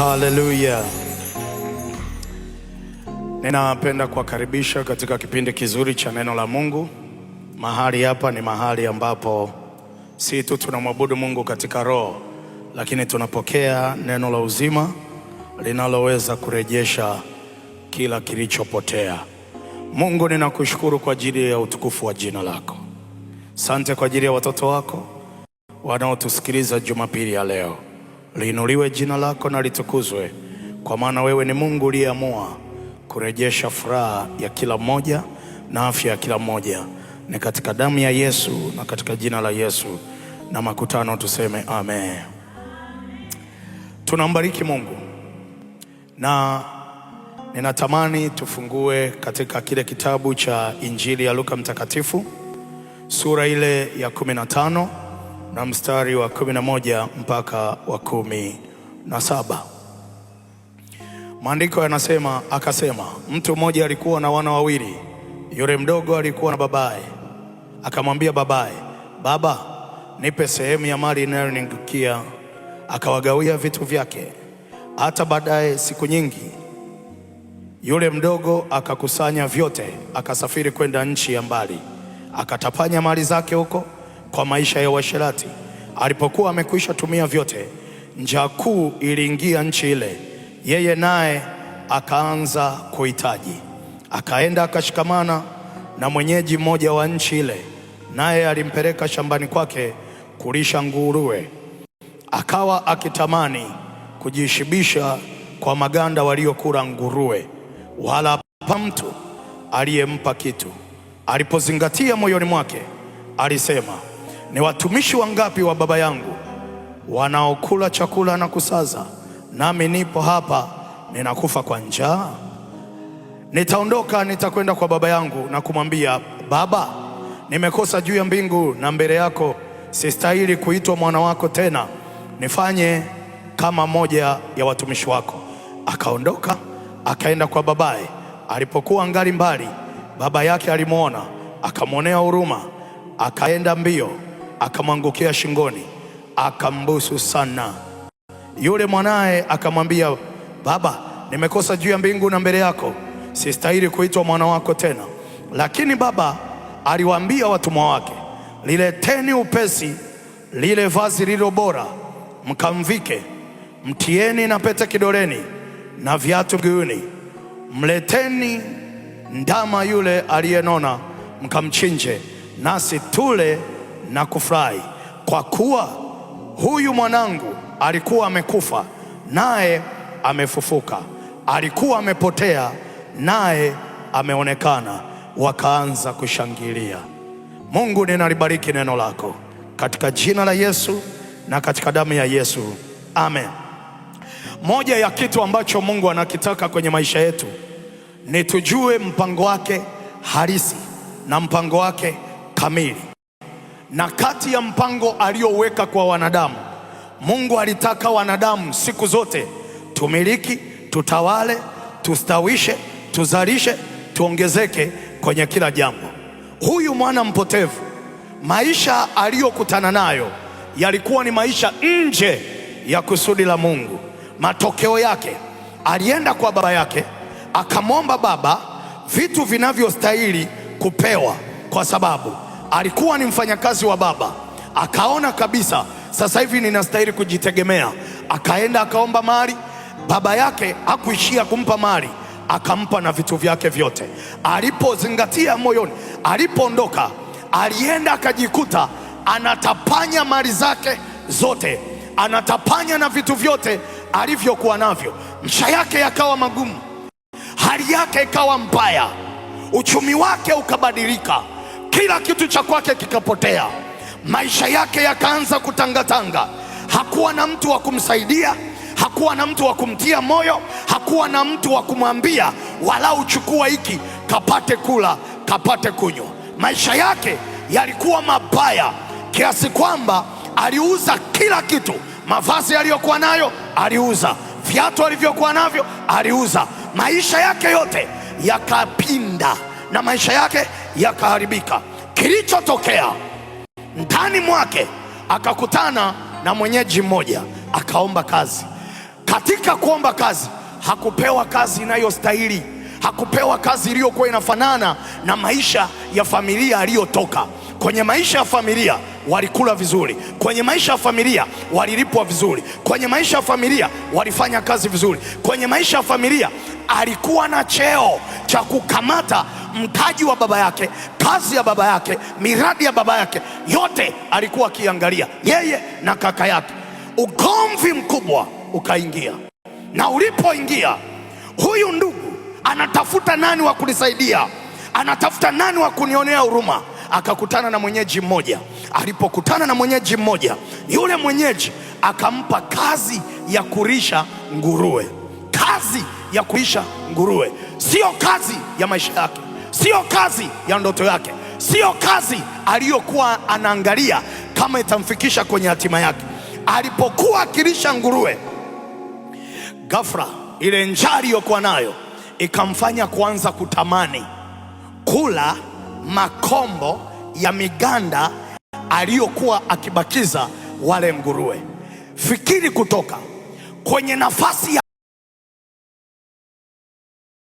Haleluya. Ninapenda kuwakaribisha katika kipindi kizuri cha neno la Mungu. Mahali hapa ni mahali ambapo si tu tunamwabudu Mungu katika roho, lakini tunapokea neno la uzima linaloweza kurejesha kila kilichopotea. Mungu, ninakushukuru kwa ajili ya utukufu wa jina lako. Sante kwa ajili ya watoto wako wanaotusikiliza Jumapili ya leo liinuliwe jina lako na litukuzwe, kwa maana wewe ni Mungu uliyeamua kurejesha furaha ya kila mmoja na afya ya kila mmoja. Ni katika damu ya Yesu na katika jina la Yesu na makutano tuseme amen. Tunambariki Mungu na ninatamani tufungue katika kile kitabu cha Injili ya Luka Mtakatifu sura ile ya kumi na tano na mstari wa kumi na moja mpaka wa kumi na saba maandiko yanasema, akasema mtu mmoja alikuwa na wana wawili, yule mdogo alikuwa na babaye, akamwambia babaye, baba, nipe sehemu ya mali inayoningukia. Akawagawia vitu vyake. Hata baadaye siku nyingi, yule mdogo akakusanya vyote, akasafiri kwenda nchi ya mbali, akatapanya mali zake huko kwa maisha ya uasherati. Alipokuwa amekwisha tumia vyote, njaa kuu iliingia nchi ile, yeye naye akaanza kuhitaji. Akaenda akashikamana na mwenyeji mmoja wa nchi ile, naye alimpeleka shambani kwake kulisha nguruwe. Akawa akitamani kujishibisha kwa maganda waliokula nguruwe, wala hapa mtu aliyempa kitu. Alipozingatia moyoni mwake, alisema ni watumishi wangapi wa Baba yangu wanaokula chakula na kusaza, nami nipo hapa ninakufa kwa njaa? Nitaondoka, nitakwenda kwa baba yangu na kumwambia, Baba, nimekosa juu ya mbingu na mbele yako, sistahili kuitwa mwana wako tena, nifanye kama moja ya watumishi wako. Akaondoka akaenda kwa babaye. Alipokuwa ngali mbali, baba yake alimwona, akamwonea huruma, akaenda mbio akamwangukia shingoni, akambusu sana. Yule mwanaye akamwambia, baba, nimekosa juu ya mbingu na mbele yako, sistahili kuitwa mwana wako tena. Lakini baba aliwaambia watumwa wake, lileteni upesi lile vazi lililo bora, mkamvike, mtieni na pete kidoleni na viatu guuni Mleteni ndama yule aliyenona, mkamchinje, nasi tule na kufurahi, kwa kuwa huyu mwanangu alikuwa amekufa naye amefufuka, alikuwa amepotea naye ameonekana. Wakaanza kushangilia. Mungu, ninalibariki neno lako katika jina la Yesu na katika damu ya Yesu, amen. Moja ya kitu ambacho Mungu anakitaka kwenye maisha yetu ni tujue mpango wake halisi na mpango wake kamili. Na kati ya mpango aliyoweka kwa wanadamu, Mungu alitaka wanadamu siku zote tumiliki, tutawale, tustawishe, tuzalishe, tuongezeke kwenye kila jambo. Huyu mwana mpotevu, maisha aliyokutana nayo yalikuwa ni maisha nje ya kusudi la Mungu. Matokeo yake alienda kwa baba yake akamwomba baba vitu vinavyostahili kupewa kwa sababu alikuwa ni mfanyakazi wa baba, akaona kabisa sasa hivi ninastahili kujitegemea, akaenda akaomba mali. Baba yake hakuishia kumpa mali, akampa na vitu vyake vyote. Alipozingatia moyoni, alipoondoka alienda akajikuta anatapanya mali zake zote, anatapanya na vitu vyote alivyokuwa navyo. Maisha yake yakawa magumu, hali yake ikawa mbaya, uchumi wake ukabadilika kila kitu cha kwake kikapotea, maisha yake yakaanza kutangatanga. Hakuwa na mtu wa kumsaidia, hakuwa na mtu wa kumtia moyo, hakuwa na mtu wa kumwambia walau chukua hiki kapate kula kapate kunywa. Maisha yake yalikuwa mabaya kiasi kwamba aliuza kila kitu. Mavazi aliyokuwa nayo aliuza, viatu alivyokuwa navyo aliuza, maisha yake yote yakapinda na maisha yake yakaharibika. Kilichotokea ndani mwake, akakutana na mwenyeji mmoja, akaomba kazi. Katika kuomba kazi, hakupewa kazi inayostahili, hakupewa kazi iliyokuwa inafanana na maisha ya familia aliyotoka. Kwenye maisha ya familia walikula vizuri, kwenye maisha ya familia walilipwa vizuri, kwenye maisha ya familia walifanya kazi vizuri, kwenye maisha ya familia alikuwa na cheo cha kukamata mtaji wa baba yake, kazi ya baba yake, miradi ya baba yake, yote alikuwa akiangalia yeye na kaka yake. Ugomvi mkubwa ukaingia, na ulipoingia, huyu ndugu anatafuta nani wa kunisaidia, anatafuta nani wa kunionea huruma. Akakutana na mwenyeji mmoja. Alipokutana na mwenyeji mmoja, yule mwenyeji akampa kazi ya kulisha nguruwe, kazi ya kulisha nguruwe, sio kazi ya maisha yake sio kazi ya ndoto yake, sio kazi aliyokuwa anaangalia kama itamfikisha kwenye hatima yake. Alipokuwa akilisha nguruwe, ghafla ile njaa aliyokuwa nayo ikamfanya kuanza kutamani kula makombo ya miganda aliyokuwa akibakiza wale nguruwe. Fikiri kutoka kwenye nafasi ya